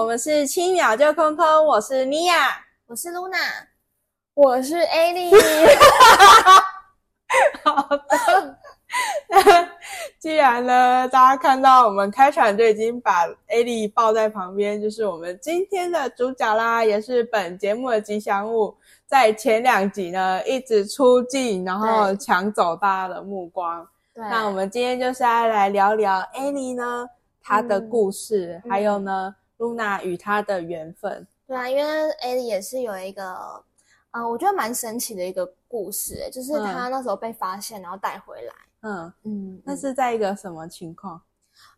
我們是七秒就空空，我是米婭，我是露娜，我是欸哩。 好的，那 既然呢，大家看到我們開場就已經把欸哩抱在旁邊，就是我們今天的主角啦，也是本節目的吉祥物，在前兩集呢一直出鏡，然後搶走大家的目光。那我們今天就是要來聊聊欸哩呢、嗯，她的故事，還有呢。嗯露娜與她的緣分，對啊，因為欸哩也是有一個，呃，我覺得蠻神奇的一個故事。欸，就是她那時候被發現，然後帶回來，嗯嗯，那、嗯、是在一個什麼情況？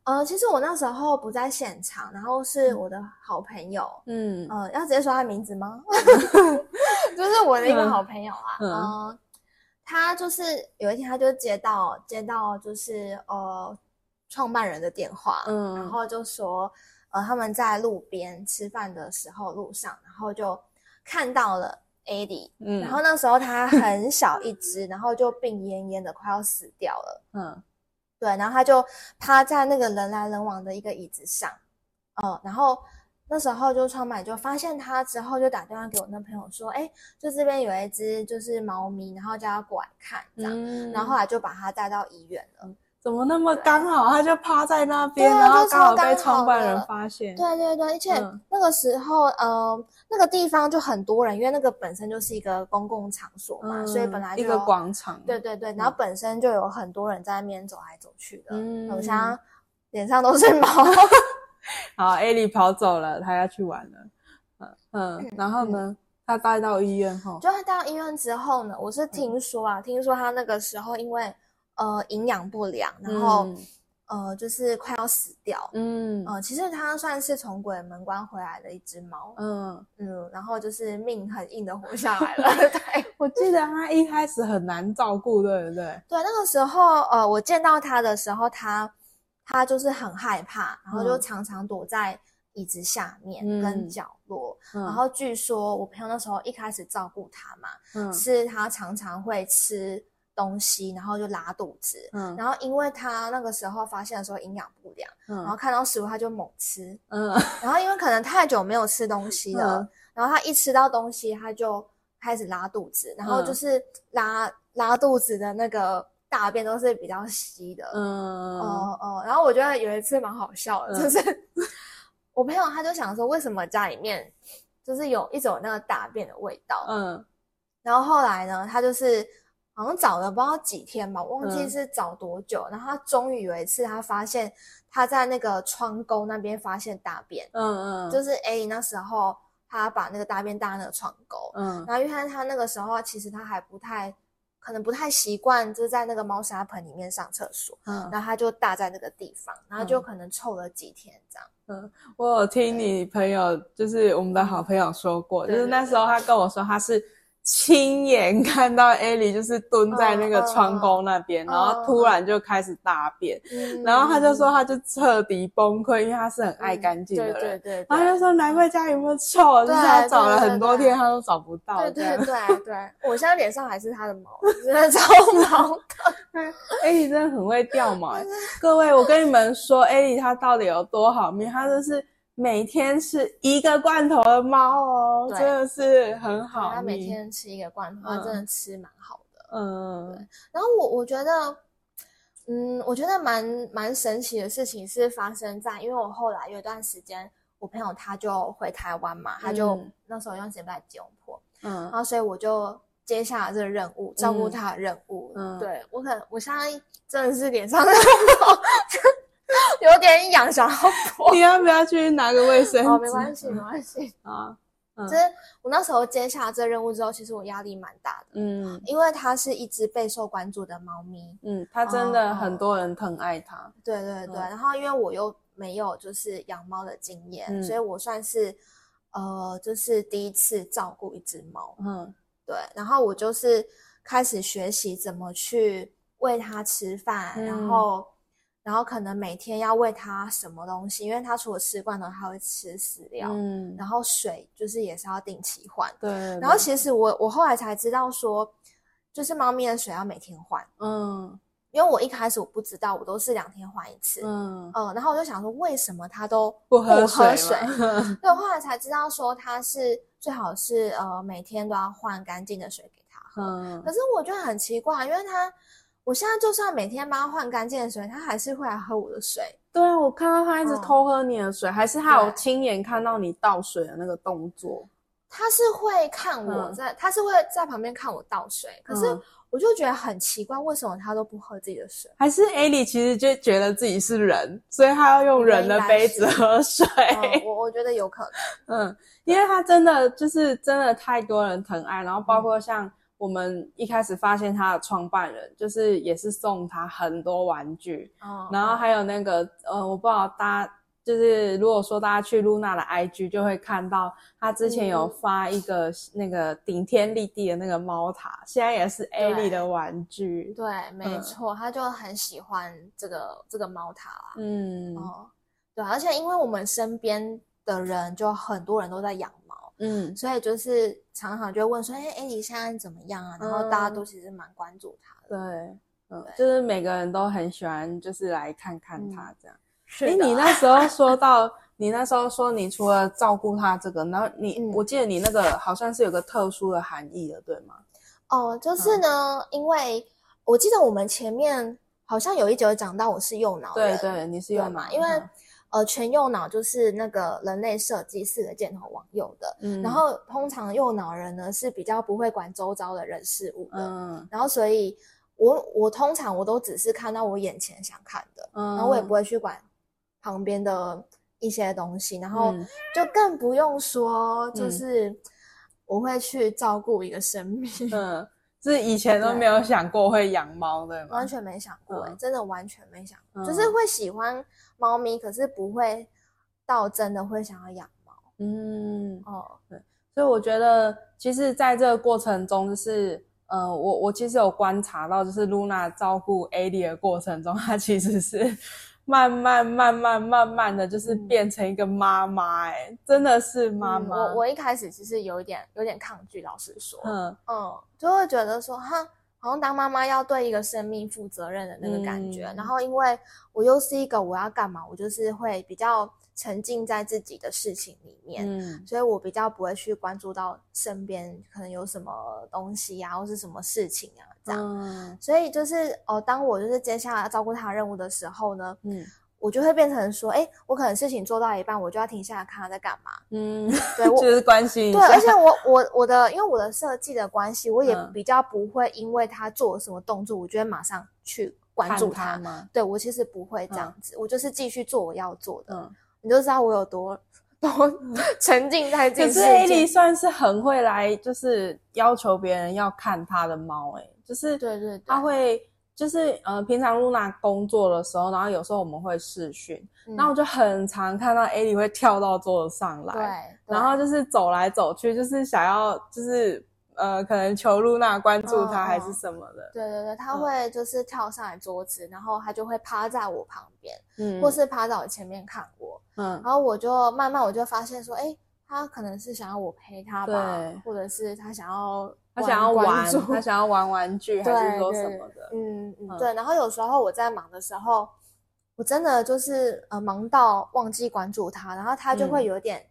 呃，其實我那時候不在現場，然後是我的好朋友，嗯嗯、呃，要直接說他的名字嗎？嗯、 就是我的一個好朋友啊，嗯，呃、他就是有一天他就接到接到就是呃創辦人的電話，嗯，然後就說。呃，他們在路邊吃飯的時候，路上，然後就看到了欸哩，嗯，然後那時候它很小一隻， 然後就病懨懨的，快要死掉了，嗯，對，然後它就趴在那個人來人往的一個椅子上，嗯、呃，然後那時候就窗闆就發現它之後，就打電話給我那朋友說，哎，就這邊有一隻就是貓咪，然後叫他過來看，這樣，嗯、然後，後來就把它帶到醫院了。嗯怎麼那麼剛好，他就趴在那邊，啊、然後剛好被創辦人發現。對、啊、對，對對，而且、嗯、那個時候，呃，那個地方就很多人，因為那個本身就是一個公共場所嘛，嗯、所以本來就一個廣場。對對對，然後本身就有很多人在那邊走來走去的，嗯，好像臉上都是毛。嗯、 好，欸哩跑走了，他要去玩了。嗯嗯，然後呢，他、嗯、帶到醫院後，就帶到醫院之後呢，我是聽說啊，嗯、聽說他那個時候因為。呃，營養不良，然後、嗯、呃，就是快要死掉。嗯、呃，其實它算是從鬼門關回來的一隻貓。嗯嗯，然後就是命很硬的活下來了。 對， 我記得他一開始很難照顧，對不對？對，那個時候，呃，我見到他的時候，他他就是很害怕，然後就常常躲在椅子下面跟角落。嗯嗯、然後據說我朋友那時候一開始照顧他嘛，嗯、是他常常會吃。東西，然後就拉肚子。嗯，然後因為他那個時候發現的時候營養不良，嗯、然後看到食物他就猛吃，嗯，然後因為可能太久沒有吃東西了，嗯、然後他一吃到東西他就開始拉肚子，嗯、然後就是拉拉肚子的那個大便都是比較稀的，嗯，哦哦，然後我覺得有一次蠻好笑的，就是、嗯、 我朋友他就想說，為什麼家裡面就是有一種那個大便的味道，嗯，然後後來呢，他就是。好像找了不知道幾天吧，忘記是找多久。嗯、然後他終於有一次，他發現他在那個窗溝那邊發現大便。嗯嗯，就是欸，那時候他把那個大便搭那個窗溝，嗯，然後因為他那個時候其實他還不太，可能不太習慣，就是在那個貓砂盆裡面上廁所。嗯，然後他就搭在那個地方，然後就可能臭了幾天這樣。嗯，嗯我有聽你朋友，就是我們的好朋友說過，對對對對，就是那時候他跟我說他是。親眼看到欸哩就是蹲在那個窗鈎那邊，uh, uh, uh, uh, uh. 然後突然就開始大便，uh, uh, uh. 然後他就說他就徹底崩潰，因為他是很愛乾淨的人，嗯、對對、對、對、對，然後他就說，難怪家裡那麼臭。對對對對對，就是他找了很多天。對對對對對，他都找不到，對對對對、對、對、對、對、對對對對，我現在臉上還是他的毛， 真的超毛的，欸 哩真的很會掉毛， 各位我跟你們說，欸哩她到底有多好命，她就是。每天吃一個罐頭的貓哦，真的是很好。它、哎、每天吃一個罐頭，嗯、他真的吃蠻好的。嗯，然後我我覺得，嗯，我覺得蠻蠻神奇的事情是發生在，因為我後來有一段時間，我朋友他就回台灣嘛，嗯、他就那時候用錢來被他撿過。嗯，然後所以我就接下了這個任務，照顧他的任務。嗯，對，嗯對我可能我現在真的是臉上。嗯嗯 有點癢，小老婆，， 你要不要去拿個衛生紙、 哦？沒關係，沒關係啊。其、嗯、實、就是，、我那時候接下這任務之後，其實我壓力蠻大的。嗯，因為它是一只備受關注的貓咪。嗯，它真的很多人疼愛它、啊嗯。對對對,對、嗯。然後因為我又沒有就是養貓的經驗、嗯，所以我算是呃，就是第一次照顧一只貓。嗯，對。然後我就是開始學習怎麼去餵它吃飯、嗯，然後。然後可能每天要喂它什麼東西，因為它除了吃罐頭，它會吃飼料。嗯，然後水就是也是要定期換。對。然後其實我我後來才知道說，就是貓咪的水要每天換。嗯。因為我一開始我不知道，我都是兩天換一次。嗯嗯、呃。然後我就想說，為什麼它都不喝水？喝水 對，我後來才知道說它是最好是呃每天都要換乾淨的水給它喝。嗯。可是我覺得很奇怪，因為它。我現在就算每天幫他換乾淨的水，他還是會來喝我的水。對啊，我看到他一直偷喝你的水，嗯、還是他有親眼看到你倒水的那個動作。他是會看我在，他、嗯、是會在旁邊看我倒水，可是我就覺得很奇怪，為什麼他都不喝自己的水？還是欸哩其實就覺得自己是人，所以他要用人的杯子喝水。嗯、我我覺得有可能，嗯，因為他真的就是真的太多人疼愛，然後包括像。嗯我們一開始發現他的創辦人，就是也是送他很多玩具，哦、然後還有那個、哦，呃，我不知道大家，就是如果說大家去露娜的 IG，就會看到他之前有發一個那個頂天立地的那個貓塔，嗯、現在也是欸哩的玩具。對，對沒錯，嗯，他就很喜歡這個這個貓塔啦，啊。嗯，哦，對，啊，而且因為我們身邊的人，就很多人都在養。嗯，所以就是常常就問說：“哎、欸、誒你現在怎麼樣啊？”然後大家都其實蠻關注他的。嗯、對，嗯，就是每個人都很喜歡，就是來看看他這樣。誒、嗯、哎、欸，你那時候說到， 你那時候說，你除了照顧他這個，然後你、嗯，我記得你那個好像是有個特殊的含義的，對嗎？哦，就是呢、嗯，因為我記得我們前面好像有一節講到我是右腦。對對，你是右腦、嗯，因為。呃，全右腦就是那個人類設計四個箭頭往右的，嗯，然後通常右腦人呢是比較不會管周遭的人事物的，嗯，然後所以我，我我通常我都只是看到我眼前想看的，嗯，然後我也不會去管旁邊的一些東西，然後就更不用說，嗯、就是我會去照顧一個生命，嗯。嗯是以前都沒有想過會養貓的嗎？完全沒想過，欸，嗯，真的完全沒想過，嗯、就是會喜歡貓咪，可是不會到真的會想要養貓。嗯，哦、嗯嗯，對，所以我覺得，其實在這個過程中，就是，呃，我我其實有觀察到，就是露娜照顧欸哩的過程中，她其實是。慢慢慢慢慢慢的就是變成一個媽媽、欸，哎、嗯，真的是媽媽、嗯。我我一開始其實有一點有點抗拒，老實說，嗯嗯，就會覺得說，哼，好像當媽媽要對一個生命負責任的那個感覺、嗯，然後因為我又是一個我要幹嘛，我就是會比較。沉浸在自己的事情裡面，嗯，所以我比較不會去關注到身邊可能有什麼東西啊，或是什麼事情啊這樣、嗯。所以就是哦、呃，當我就是接下來照顧他任務的時候呢，嗯，我就會變成說，哎、欸，我可能事情做到一半，我就要停下來看他在幹嘛。嗯，對，我就是關心。對，而且我我我的因為我的設計的關係，我也比較不會因為他做什麼動作，我就會馬上去關注他嘛。對我其實不會這樣子，嗯、我就是繼續做我要做的。嗯你就知道我有多多沉浸在這。可是欸哩算是很會來，就是要求別人要看他的貓。誒。就是對對，他會就是呃，平常 Luna 工作的時候，然後有時候我們會視訊。嗯，然後我就很常看到欸哩會跳到桌子上來，對，對，然後就是走來走去，就是想要就是。呃，可能求露娜關注他還是什麼的、哦。對對對，他會就是跳上來桌子、嗯，然後他就會趴在我旁邊，嗯，或是趴在我前面看我，嗯，然後我就慢慢我就發現說，哎，他可能是想要我陪他吧，或者是他想要他想要,他想要玩，他想要玩玩具還是說什麼的，對對對嗯嗯對嗯。然後有時候我在忙的時候，我真的就是呃忙到忘記關注他，然後他就會有點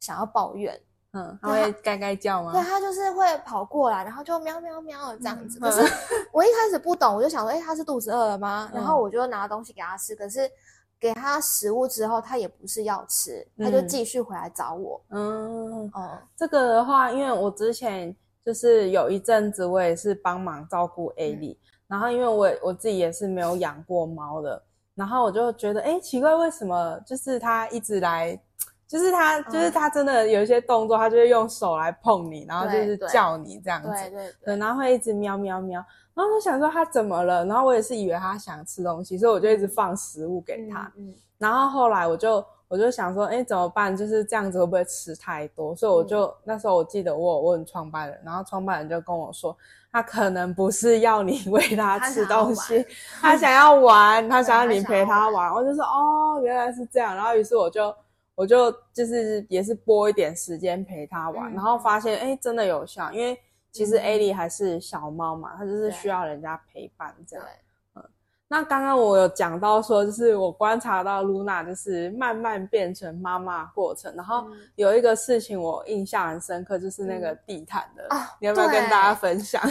想要抱怨。嗯嗯，他會該該叫嗎？對，對，他就是會跑過來，然後就喵喵喵的這樣子。嗯嗯、可是我一開始不懂，我就想說，誒、欸，他是肚子餓了嗎、嗯？然後我就拿東西給他吃。可是給他食物之後，他也不是要吃，嗯、他就繼續回來找我。嗯哦、嗯，這個的話，因為我之前就是有一陣子，我也是幫忙照顧欸哩，、嗯、然後因為我我自己也是沒有養過貓的，然後我就覺得，誒，奇怪，為什麼就是他一直來？就是他，就是他真的有一些動作、嗯，他就會用手來碰你，然後就是叫你這樣子，對對對，對，對，然後會一直喵喵喵。然後我就想說他怎麼了？然後我也是以為他想吃東西，所以我就一直放食物給他。嗯嗯、然後後來我就我就想說，哎、欸，怎麼辦？就是這樣子會不會吃太多？所以我就、嗯、那時候我記得我有問創辦人，然後創辦人就跟我說，他可能不是要你餵他吃東西，他想要玩，他想要你陪他玩。我就說哦，原來是這樣。然後於是我就。我就就是也是撥一點時間陪他玩，嗯，然後發現哎、欸，真的有效，因為其實欸哩還是小貓嘛，嗯，她就是需要人家陪伴這樣對，嗯。那剛剛我有講到說，就是我觀察到 Luna 就是慢慢變成媽媽過程，然後有一個事情我印象很深刻，就是那個地毯的。嗯，你要不要，啊，跟大家分享？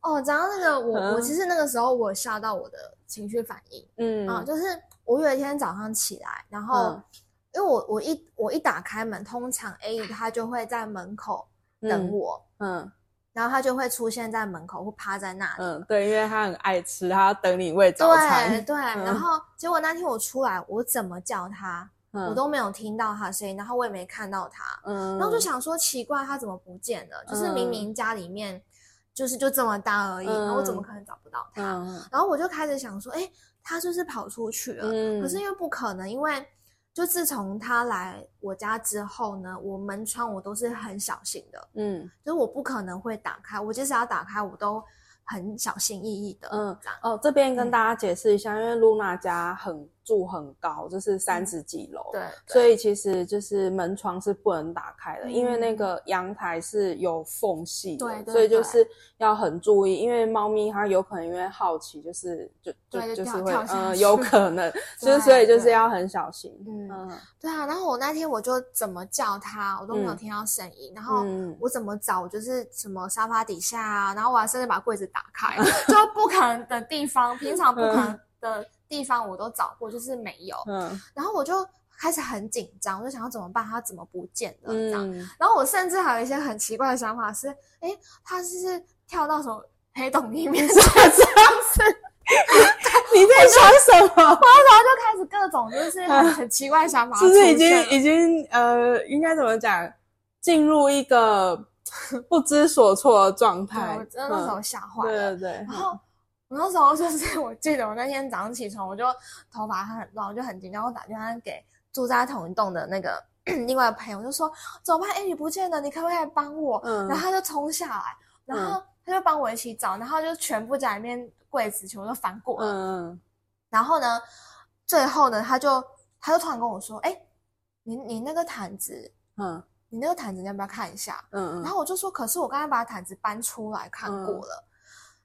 哦，講到那個，我、嗯，我其實那個時候我有嚇到我的情緒反應，嗯啊，就是我有一天早上起來，然後，嗯。因為我我一我一打開門，通常 A 他就會在門口等我嗯、嗯，然後他就會出現在門口或趴在那裡。嗯，對，因為他很愛吃，他要等你餵早餐。對、對、嗯，然後結果那天我出來，我怎麼叫他，嗯、我都沒有聽到他的聲音，然後我也沒看到他。嗯，然後就想說奇怪，他怎麼不見了、嗯，就是明明家裡面就是就這麼大而已，嗯、然後我怎麼可能找不到他，嗯，然後我就開始想說，哎、欸，他就是、是跑出去了、嗯。可是因為不可能，因為就自從他來我家之後呢，我門窗我都是很小心的，嗯，就是我不可能會打開，我即使要打開我都很小心翼翼的，嗯，哦，這邊跟大家解釋一下，嗯，因為露娜家很，住很高，就是三十幾樓，嗯，對，所以其實就是門窗是不能打開的，嗯，因為那個陽台是有縫隙，對，對，所以就是要很注意，因為貓咪它有可能因為好奇，就是，就是就跳就是會，嗯，呃，有可能，所以所以就是要很小心，嗯，對啊。然後我那天我就怎麼叫它，我都沒有聽到聲音，嗯，然後我怎麼找，就是什麼沙發底下啊，然後我還甚至把櫃子打開， 就不可能的地方，平常不可能的。嗯地方我都找過，就是沒有。嗯，然後我就開始很緊張，我就想要怎麼辦？他怎麼不見了？嗯，然後我甚至還有一些很奇怪的想法是，是誒，他是不是跳到什麼黑洞裡面，面？什麼這樣子？ 你在說什麼？然後就，就開始各種就是很奇怪的想法，就、嗯、是已經已經呃，應該怎麼講，進入一個不知所措的狀態。那時候嚇壞了，對對對，然後。我那時候就是，我記得我那天早上起床，我就頭髮很亂，我就很緊張，我打電話給住在同一棟的那個 另外的朋友，我就說怎麼辦？哎、欸，你不見了，你可不可以來幫我？嗯，然後他就衝下來，然後他就幫我一起找，嗯、然後就全部家裡面櫃子全部都翻過了。嗯嗯。然後呢，最後呢，他就他就突然跟我說：“哎、欸，你你那個毯子，嗯，你那個毯子你要不要看一下？”嗯嗯。然後我就說：“可是我剛剛把毯子搬出來看過了。嗯”嗯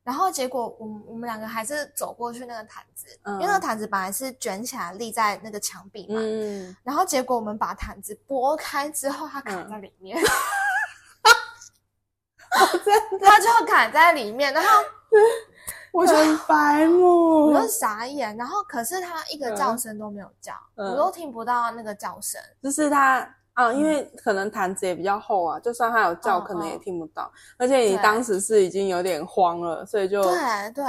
然後結果我們，我我們兩個還是走過去那個毯子，嗯，因為那個毯子本來是捲起來立在那個牆壁嘛。嗯，然後結果我們把毯子撥開之後，它卡在裡面。嗯、 它就卡在裡面。然後 我就很白目，我就傻眼。然後可是它一個叫聲都沒有叫，嗯，我都聽不到那個叫聲，就是它。啊，因為可能毯子也比較厚啊，就算他有叫，哦、可能也聽不到、哦。而且你當時是已經有點慌了，對所以就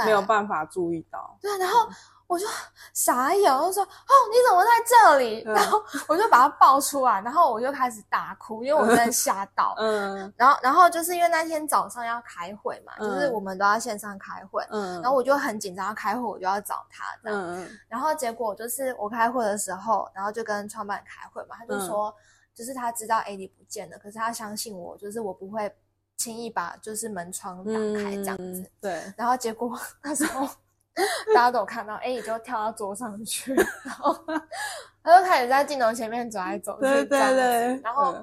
沒有辦法注意到。對，對嗯、然後我就傻眼，我就說：“哦，你怎麼在這裡？”然後我就把他抱出來，然後我就開始大哭，因為我真的嚇到。嗯，然後，然後就是因為那天早上要開會嘛，嗯、就是我們都要線上開會。嗯，然後我就很緊張要開會，我就要找他這樣。嗯，然後結果就是我開會的時候，然後就跟創辦開會嘛，他就說。嗯就是他知道欸哩不見了，可是他相信我，就是我不會輕易把就是門窗打開這樣子。嗯、對。然後結果那時候 大家都看到欸哩就跳到桌上去，然後， 然後他就開始在鏡頭前面走來走去，對對對。然後，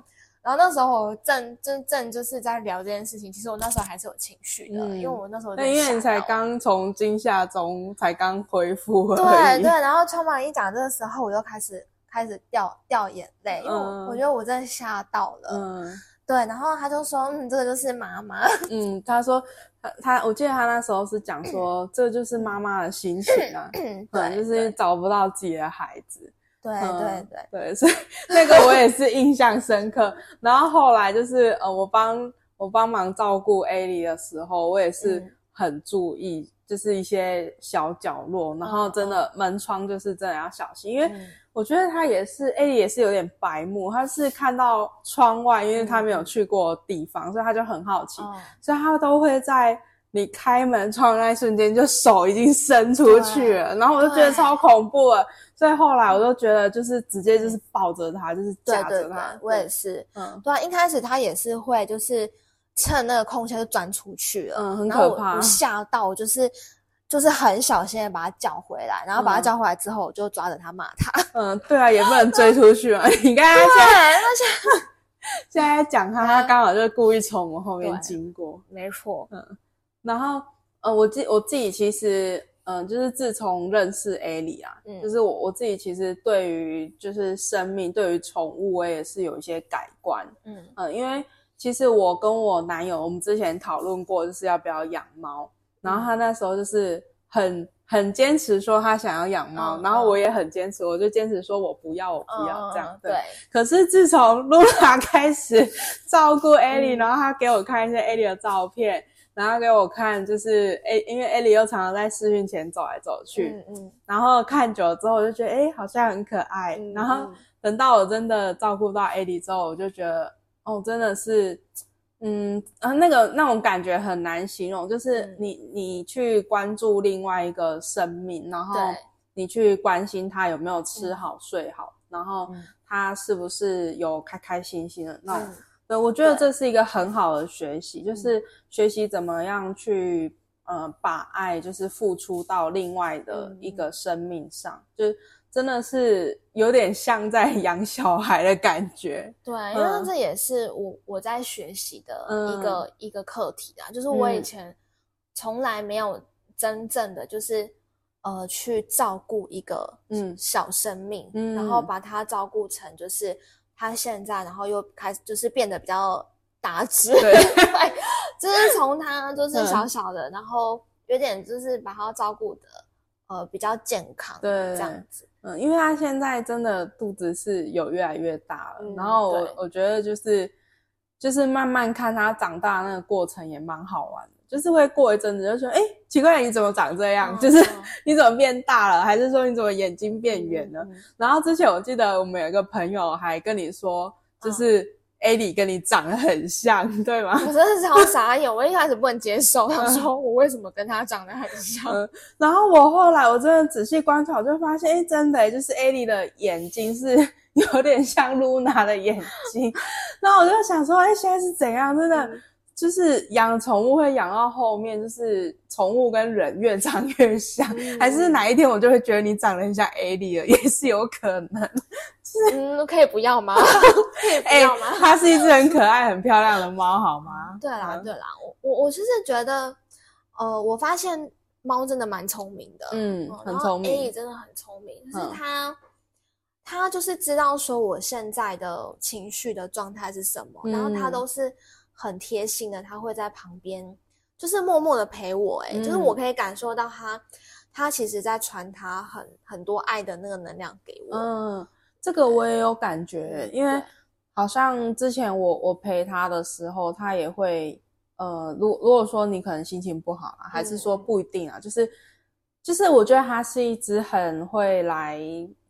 然後那時候我正正正就是在聊這件事情，其實我那時候還是有情緒的，嗯、因為我那時候……對，因為你才剛從驚嚇中才剛恢復。對對，然後川寶一講這個時候，我又開始。開始掉掉眼淚，因為我，、嗯、我覺得我真的嚇到了。嗯，對，然後他就說：“嗯，這個就是媽媽。”嗯，他說：“他他，我記得他那時候是講說，嗯、這個、就是媽媽的心情啊、嗯嗯對，就是找不到自己的孩子。對嗯”對對對對，所以那個我也是印象深刻。 然後後來就是呃，我幫我幫忙照顧欸哩的時候，我也是很注意、嗯，就是一些小角落，然後真的、嗯、門窗就是真的要小心，因為。嗯我覺得他也是，欸哩也是有點白目。他是看到窗外，因為他沒有去過地方，嗯、所以他就很好奇、嗯，所以他都會在你開門窗的那一瞬間，就手已經伸出去了。然後我就覺得超恐怖了，所以後來我都覺得就是直接就是抱着他，就是夾着他，對對對。我也是，嗯，對、啊，一開始他也是會就是趁那個空隙就鑽出去了，嗯，很可怕，嚇到就是。就是很小心的把他叫回來，然後把他叫回來之後，我就抓着他罵他。嗯， 嗯，對啊，也不能追出去嘛。 你看他現在講他、啊，他剛好就是故意從我後面經過。沒錯，嗯。然後，呃，我自我自己其實，嗯、呃，就是自從認識欸哩啊、嗯，就是我我自己其實對於就是生命，對於寵物，我也是有一些改觀。嗯嗯、呃，因為其實我跟我男友我們之前討論過，就是要不要養貓。然後他那時候就是很很堅持說他想要養貓、嗯，然後我也很堅持，我就堅持說我不要，我不要這樣。嗯、對。可是自從露娜開始照顧欸哩、嗯，然後他給我看一些欸哩的照片，然後給我看就是欸哩,因為欸哩又常常在視訊前走來走去，嗯嗯，然後看久了之後我就覺得誒、哎、好像很可愛、嗯。然後等到我真的照顧到欸哩之後，我就覺得哦，真的是。嗯，呃、啊，那個那種感覺很難形容，就是你你去關注另外一個生命，然後你去關心他有沒有吃好睡好，然後他是不是有開開心心的那種、嗯。對，我覺得這是一個很好的學習，就是學習怎麼樣去呃把愛就是付出到另外的一個生命上，就是。真的是有點像在養小孩的感覺，對，嗯、因為這也是我我在學習的一個、嗯、一個課題啊，就是我以前從來沒有真正的就是、嗯、呃去照顧一個小嗯小生命，嗯、然後把他照顧成就是他現在，然後又開始就是變得比較大隻，對， 對，就是從他就是小小的、嗯，然後有點就是把他照顧的。呃、哦，比較健康，對，這樣子，嗯，因為他現在真的肚子是有越來越大了，嗯、然後我我覺得就是就是慢慢看他長大的那個過程也蠻好玩的，就是會過一陣子就說，哎、欸，奇怪，你怎麼長這樣？嗯、就是、嗯、你怎麼變大了？還是說你怎麼眼睛變圓了、嗯嗯？然後之前我記得我們有一個朋友還跟你說，就是。嗯欸哩跟你長得很像，對嗎？我真的超傻眼， 我一開始不能接受，我 說我為什麼跟她長得很像？ 然後我後來我真的仔細觀察，我就發現，哎、欸，真的、欸，就是欸哩的眼睛是有點像露娜的眼睛。那 我就想說，哎、欸，現在是怎樣？真的。嗯就是養寵物會養到後面，就是寵物跟人越長越像、嗯，還是哪一天我就會覺得你長得很像欸哩，、嗯、也是有可能、就是。嗯，可以不要嗎？可 以、 欸、不要嗎？它是一只很可, 很可愛、很漂亮的貓，好嗎？對啦，對啦，我我我就是覺得，呃，我發現貓真的蠻聰明的，嗯，很聰明，欸哩真的很聰明，聰明但是它，它、嗯、就是知道說我現在的情緒的狀態是什麼，嗯、然後它都是。很貼心的，他會在旁邊，就是默默的陪我、欸。哎、嗯，就是我可以感受到他，他其實在傳他很很多愛的那個能量給我。嗯，這個我也有感覺、欸，因為好像之前我我陪他的時候，他也會，呃，如果如果說你可能心情不好啊，嗯、還是說不一定啊，就是就是我覺得他是一隻很會來，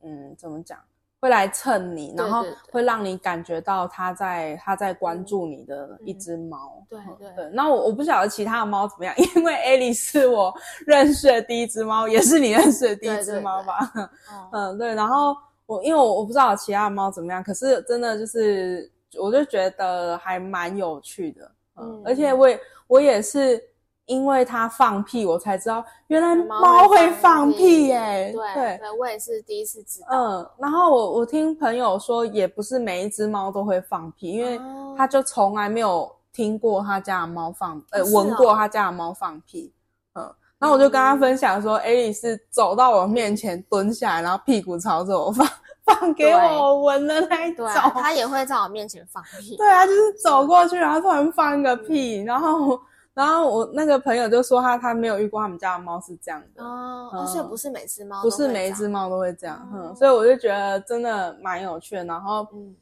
嗯，怎麼講？會來蹭你，然後會讓你感覺到他在他在關注你的一隻貓。對、嗯嗯、對。那我、嗯、我不曉得其他的貓怎麼樣，因為欸哩是我認識的第一隻貓，也是你認識的第一隻貓吧。哦、嗯，對。然後我因為我我不知道其他的貓怎麼樣，可是真的就是我就覺得還蠻有趣的。嗯，嗯而且我我也是。因為他放屁，我才知道原來貓會放屁。哎，對，對，我也是第一次知道。嗯，然後我我聽朋友說，也不是每一隻貓都會放屁，因為他就從來沒有聽過他家的貓放，呃，聞過他家的貓放屁。嗯，然後我就跟他分享說，欸哩是走到我面前蹲下來，然後屁股朝着我放，放給我聞的那一種。他也會在我面前放屁。對啊，就是走過去，然後突然放個屁，然後。然後我那個朋友就說，他他沒有遇過他們家的貓是這樣的哦，但、嗯、是、哦、不是每只貓不是每一只貓都會這樣、哦，嗯，所以我就覺得真的蠻有趣的，然後嗯、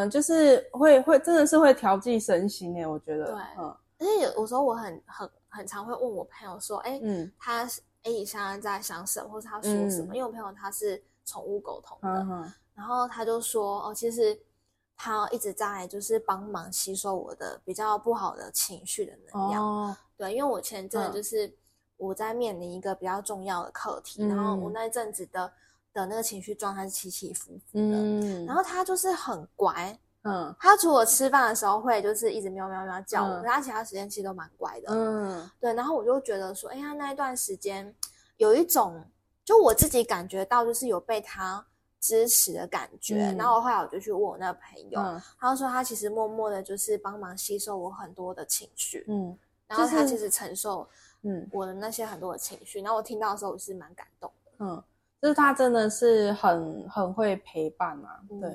呃、就是會會真的是會調劑身心誒，我覺得對，嗯，而且有有時候我很很很常會問我朋友說，哎，嗯，他哎，你現在在想什麼，或者他說什麼、嗯，因為我朋友他是寵物溝通的、嗯嗯，然後他就說哦，其實。他一直在就是幫忙吸收我的比較不好的情緒的能量、哦，對，因為我前陣子就是我在面臨一個比較重要的課題、嗯，然後我那一陣子的的那個情緒狀態是起起伏伏的、嗯，然後他就是很乖，嗯，他除了吃飯的時候會就是一直喵喵喵叫我，嗯、他其他時間其實都蠻乖的，嗯，對，然後我就覺得說，哎、欸、呀，他那一段時間有一種，就我自己感覺到就是有被他。支持的感覺，嗯、然後後來我就去問我那個朋友，嗯、他就說他其實默默的就是幫忙吸收我很多的情緒，嗯，然後他其實承受嗯我的那些很多的情緒，就是嗯，然後我聽到的時候我是蠻感動的，嗯，就是他真的是很很會陪伴嘛，啊，對、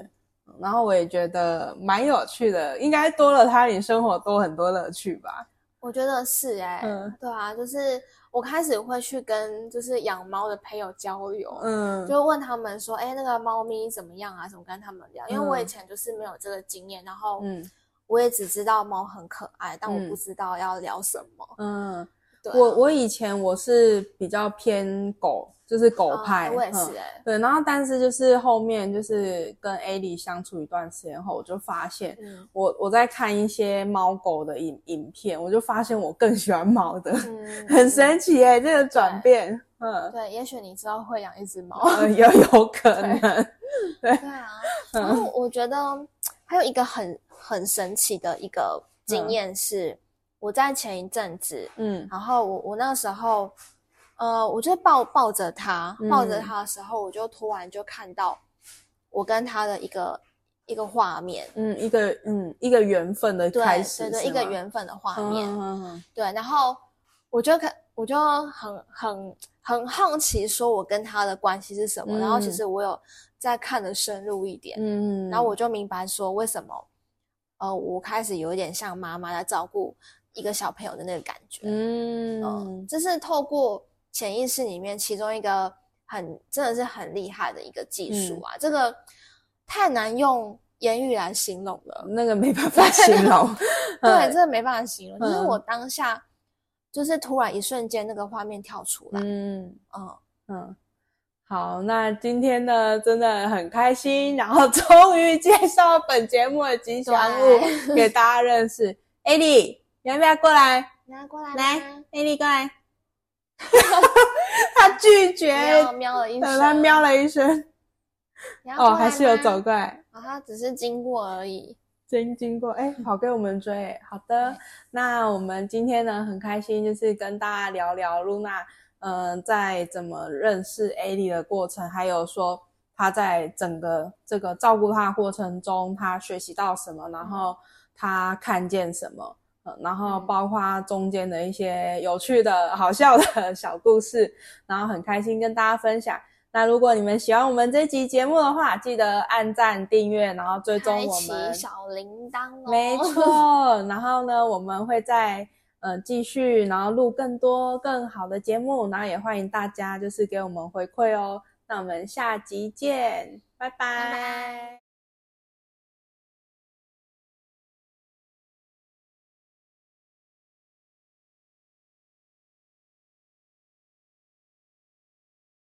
嗯，然後我也覺得蠻有趣的，應該多了他，你生活多很多樂趣吧。我覺得是哎、欸嗯，對啊，就是我開始會去跟就是養貓的朋友交流，嗯，就問他們說，哎、欸，那個貓咪怎麼樣啊？怎麼跟他們聊、嗯，因為我以前就是沒有這個經驗，然後，嗯，我也只知道貓很可愛、嗯，但我不知道要聊什麼。嗯，對啊、我我以前我是比較偏狗。就是狗派、啊，我也是哎、欸嗯。對，然後但是就是後面就是跟欸哩相處一段時間後，我就發現，嗯、我我在看一些貓狗的影影片，我就發現我更喜歡貓的、嗯，很神奇哎、欸，這個轉變。嗯，對，也許你知道會養一隻貓，也、嗯、有，有可能。對，對，對啊、嗯，然後我覺得還有一個很很神奇的一個經驗是，我在前一陣子，嗯，然後我我那時候。呃，我就抱抱着他，抱着他的時候，我就突然就看到我跟他的一個一個畫面，嗯，一個嗯一個緣分的開始，對對，對，一個緣分的畫面，oh, oh, oh. 對。然後我就看，我就很很很好奇，說我跟他的關係是什麼？嗯、然後其實我有再看得深入一點，嗯，然後我就明白說為什麼，呃，我開始有點像媽媽在照顧一個小朋友的那個感覺，嗯，呃、這是透過。潛意識裡面，其中一個很真的是很厲害的一個技術啊！嗯、這個太難用言語來形容了，那個沒辦法形容， 對， 對 真的沒辦法形容。就、嗯、是我當下，就是突然一瞬間，那個畫面跳出來。嗯嗯嗯，嗯，好，那今天呢，真的很開心，然後終於介紹本節目的吉祥物給大家認識。欸哩，你要不要過來？你要過來，來，欸哩過來。 他拒絕，喵了一聲，他喵了一聲。哦，還是有走過來。哦，他只是經過而已。真經過，誒、欸，跑給我們追。好的，那我們今天呢，很開心，就是跟大家聊聊露娜，嗯，在怎麼認識欸哩的過程，還有說他在整個這個照顧他的過程中，他學習到什麼，然後他看見什麼。嗯嗯、然後包括中間的一些有趣的、好笑的小故事，然後很開心跟大家分享。那如果你們喜歡我們這集節目的話，記得按贊訂閱，然後追蹤我們，開啟小鈴鐺哦。沒錯。然後呢，我們會再呃繼續，然後錄更多更好的節目，然後也歡迎大家就是給我們回饋哦。那我們下集見，拜拜。拜拜。